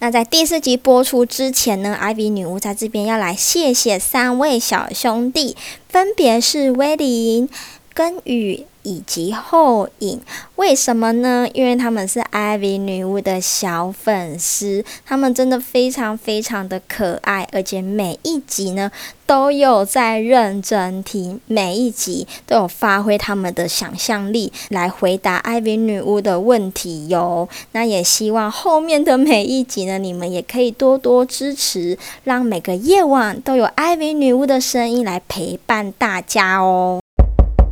那在第四集播出之前呢，Ivy 女巫在這邊要來謝謝三位小兄弟，分別是威廉跟雨，以及後影，為什麼呢？因為他們是艾薇女巫的小粉絲，他們真的非常非常的可愛，而且每一集呢都有在認真聽，每一集都有發揮他們的想象力來回答艾薇女巫的問題喲。那也希望後面的每一集呢，你們也可以多多支持，讓每個夜晚都有艾薇女巫的聲音來陪伴大家哦。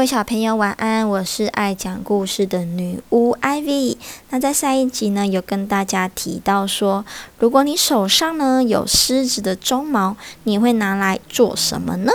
各位小朋友晚安，我是愛講故事的女巫 IVY。那在上一集呢，有跟大家提到說，如果你手上呢有獅子的鬃毛，你會拿來做什麼呢？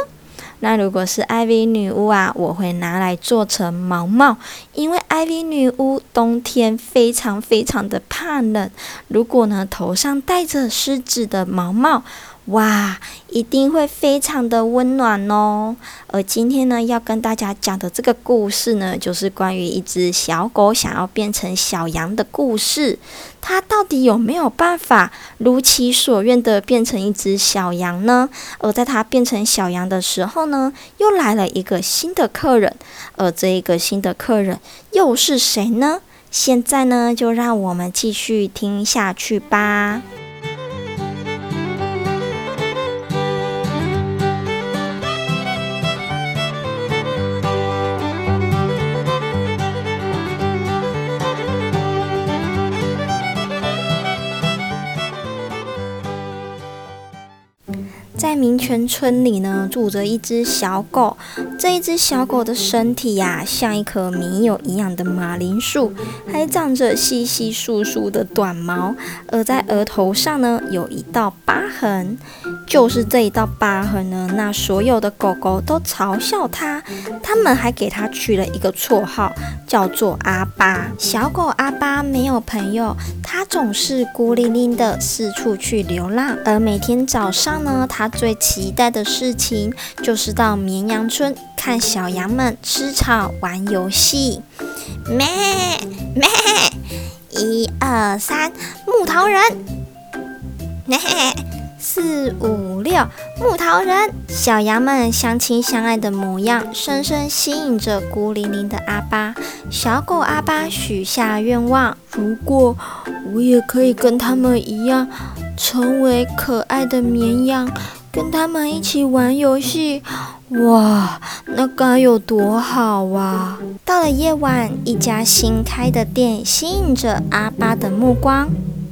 那如果是 IVY 女巫啊，我會拿來做成毛帽，因為 IVY 女巫冬天非常非常的怕冷。如果呢頭上戴着獅子的毛帽，哇，一定會非常的溫暖哦！而今天呢，要跟大家講的這個故事呢，就是關於一只小狗想要變成小羊的故事。它到底有沒有辦法如其所願的變成一只小羊呢？而在它變成小羊的時候呢，又來了一個新的客人。而這一個新的客人又是誰呢？現在呢，就讓我們繼續聽下去吧。在民權村裡呢住着一只小狗，這一只小狗的身體呀、啊、像一顆沒有營養的馬鈴薯，還長着稀稀疏疏的短毛，而在額頭上呢有一道疤痕。就是這一道疤痕呢，那所有的狗狗都嘲笑它，他們還給它取了一個綽號，叫做阿疤。小狗阿疤沒有朋友，它總是孤零零的四處去流浪，而每天早上呢，它最期待的事情就是到綿羊村看小羊們吃草玩、玩遊戲。咩咩，一二三，木頭人；咩，四五六，4, 5, 6, 木頭人。小羊們相親相愛的模樣，深深吸引着孤零零的阿疤。小狗阿疤許下願望：如果我也可以跟他們一樣，成為可愛的綿羊。跟他們一起玩遊戲，哇，那該有多好啊！到了夜晚，一家新開的店吸引着阿疤的目光。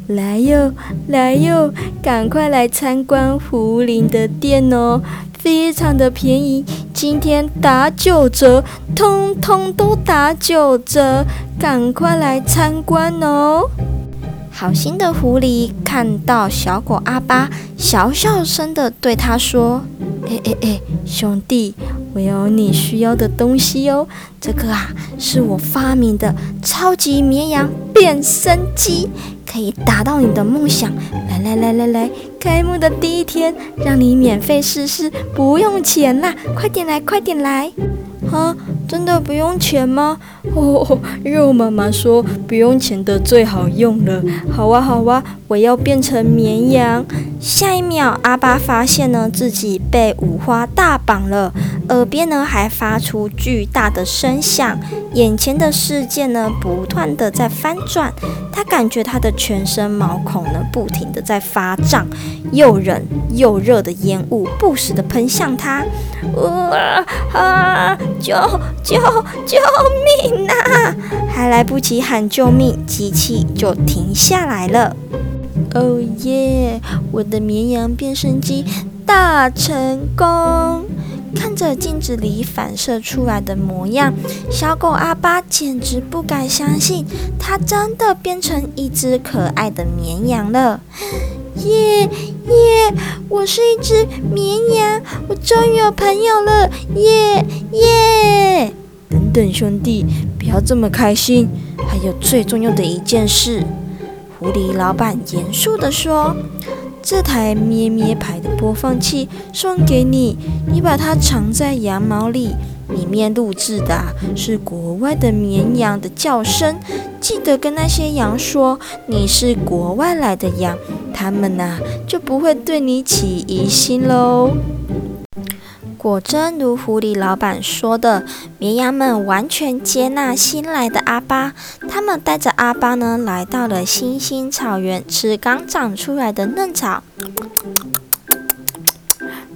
來喲、哦，來喲、哦，趕快來參觀狐林的店哦，非常的便宜，今天打九折，通通都打九折，趕快來參觀哦。好心的狐狸看到小狗阿疤，小小聲的對他說：“哎哎哎，兄弟，我有你需要的東西喲、哦。這個啊，是我發明的超級綿羊變身機，可以達到你的夢想。來來來來來，開幕的第一天，讓你免費試試，不用錢吶！快點來，快點來。”啊，真的不用錢嗎？哦，因為我媽媽說不用錢的最好用了。好啊，好啊，我要變成綿羊。下一秒，阿疤發現呢，自己被五花大綁了。耳邊呢還發出巨大的聲響，眼前的世界呢不斷的在翻轉，他感覺他的全身毛孔呢不停的在發脹，又冷又熱的煙霧不時的噴向他，哇啊！救救救命啊！還來不及喊救命，機器就停下來了。哦耶！我的綿羊變身機大成功！看着鏡子裡反射出來的模樣，小狗阿疤簡直不敢相信，它真的變成一只可愛的綿羊了！耶耶！我是一隻綿羊，我終於有朋友了！耶耶！等等，兄弟，不要這麼開心，還有最重要的一件事，狐狸老闆嚴肅地說。這台咩咩牌的播放器送給你，你把它藏在羊毛裡，裡面錄製的、啊、是國外的綿羊的叫聲。記得跟那些羊說你是國外來的羊，他們吶、啊、就不會對你起疑心嘍。果真如狐狸老闆說的，綿羊們完全接納新來的阿疤。他們帶着阿疤呢，來到了星星草原，吃剛長出來的嫩草。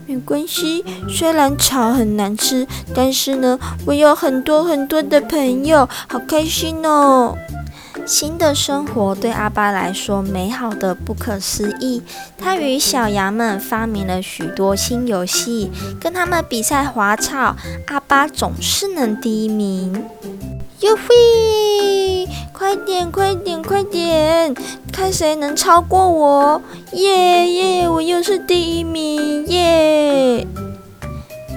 沒關係，雖然草很難吃，但是呢，我有很多很多的朋友，好開心哦。新的生活對阿疤來說美好的不可思議。他與小羊們發明了許多新遊戲，跟他們比賽滑草，阿疤總是能第一名。喲喂！快點，快點，快點！看誰能超過我？耶耶！我又是第一名！耶、yeah！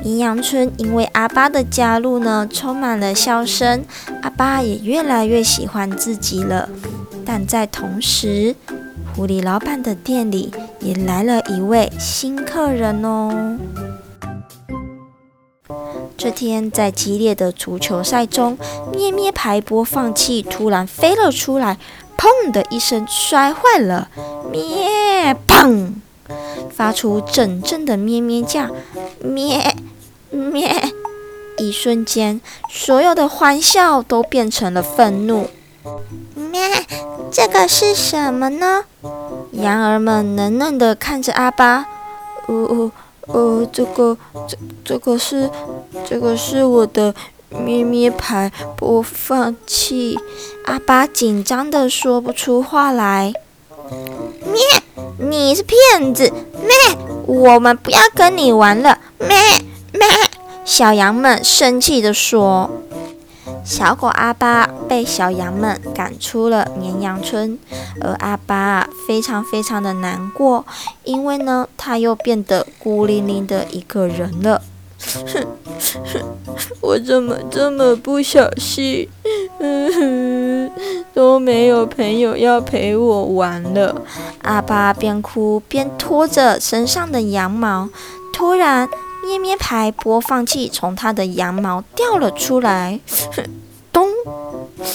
綿羊村因為阿疤的加入呢，充滿了笑聲。阿疤也越來越喜歡自己了。但在同時，狐狸老闆的店裡也來了一位新客人哦。這天，在激烈的足球賽中，咩咩牌播放器突然飛了出來，砰的一聲摔壞了，咩砰。發出陣陣的咩咩叫，咩咩，一瞬間，所有的歡笑都變成了憤怒。咩，這個是什麼呢？羊兒們愣愣地看着阿疤。哦哦哦，這個，這，這個是，這個是我的咩咩牌播放器。阿疤緊張地說不出話來。咩，你是騙子！咩！我們不要跟你玩了！咩咩！小羊們生氣地說：“小狗阿疤被小羊們趕出了綿羊村，而阿疤非常非常的難過，因為呢，他又變得孤零零的一個人了。”哼 我怎麼這麼不小心？哼。 都沒有朋友要陪我玩了。阿疤邊哭邊拖着身上的羊毛，突然，咩咩牌播放器從他的羊毛掉了出來。咚！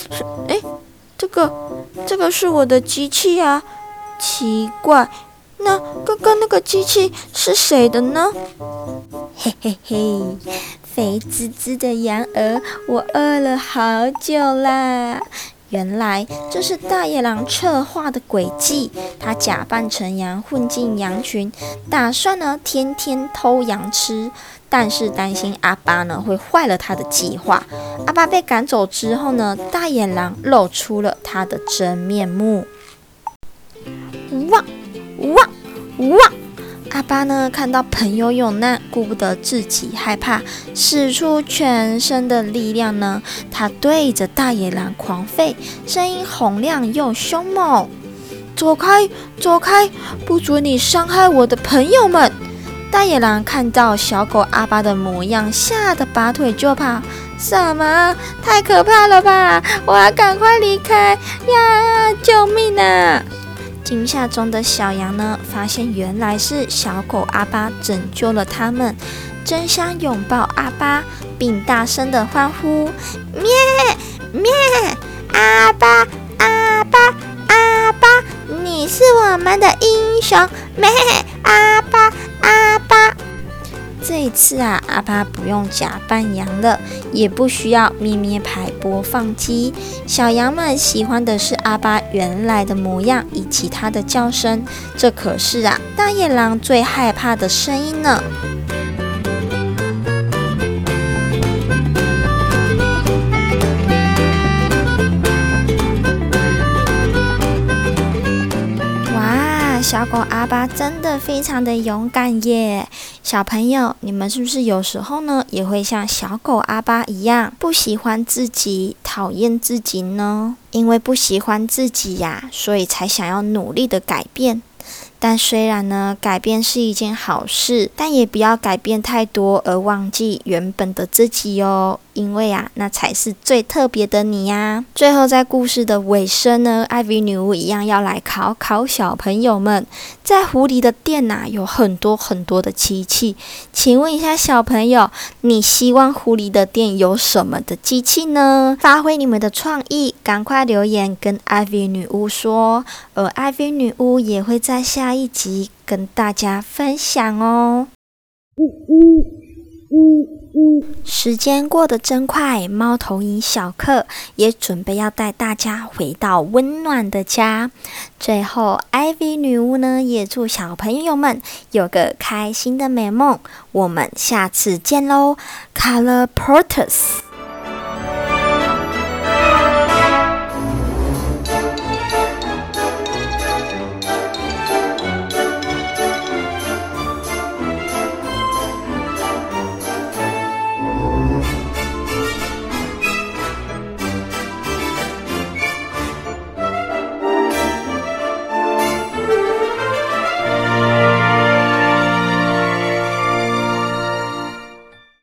是哎，這個，這個是我的機器啊！奇怪，那剛剛那個機器是誰的呢？嘿嘿嘿，肥滋滋的羊兒，我餓了好久啦。原來這是大野狼策劃的詭計，他假扮成羊混進羊群，打算呢天天偷羊吃。但是擔心阿疤呢會壞了他的計劃，阿疤被趕走之後呢，大野狼露出了他的真面目。汪汪汪！阿疤呢？看到朋友有難，顧不得自己害怕，使出全身的力量呢。他對着大野狼狂吠，聲音洪亮又凶猛。走開，走開，不准你傷害我的朋友們！大野狼看到小狗阿疤的模樣，嚇得拔腿就跑。什麼？太可怕了吧！我要趕快離開呀！救命吶、啊！驚嚇中的小羊呢，發現原來是小狗阿疤拯救了他們，爭相擁抱阿疤，並大聲的歡呼：“咩咩，阿疤阿疤阿疤，你是我們的英雄！”咩阿疤阿疤，這一次啊。阿疤不用假扮羊了，也不需要咩咩牌播放機。小羊們喜歡的是阿疤原來的模樣以及它的叫聲，這可是啊，大野狼最害怕的聲音呢。哇，小狗阿疤真的非常的勇敢耶！小朋友，你們是不是有時候呢，也會像小狗阿疤一樣，不喜歡自己，討厭自己呢？因為不喜歡自己呀、啊，所以才想要努力的改變。但雖然呢，改變是一件好事，但也不要改變太多而忘記原本的自己哦。因為啊，那才是最特別的你呀、啊！最後，在故事的尾聲呢，艾薇女巫一樣要來考考小朋友們。在狐狸的店吶、啊，有很多很多的機器，請問一下小朋友，你希望狐狸的店有什麼的機器呢？發揮你們的創意，趕快留言跟艾薇女巫說。而艾薇女巫也會在下一集跟大家分享哦。嗯嗯嗚嗚，時間過得真快，貓頭鷹小克也準備要帶大家回到溫暖的家。最後，IVY 女巫呢也祝小朋友們有個開心的美夢。我們下次見嘍，Colloportus。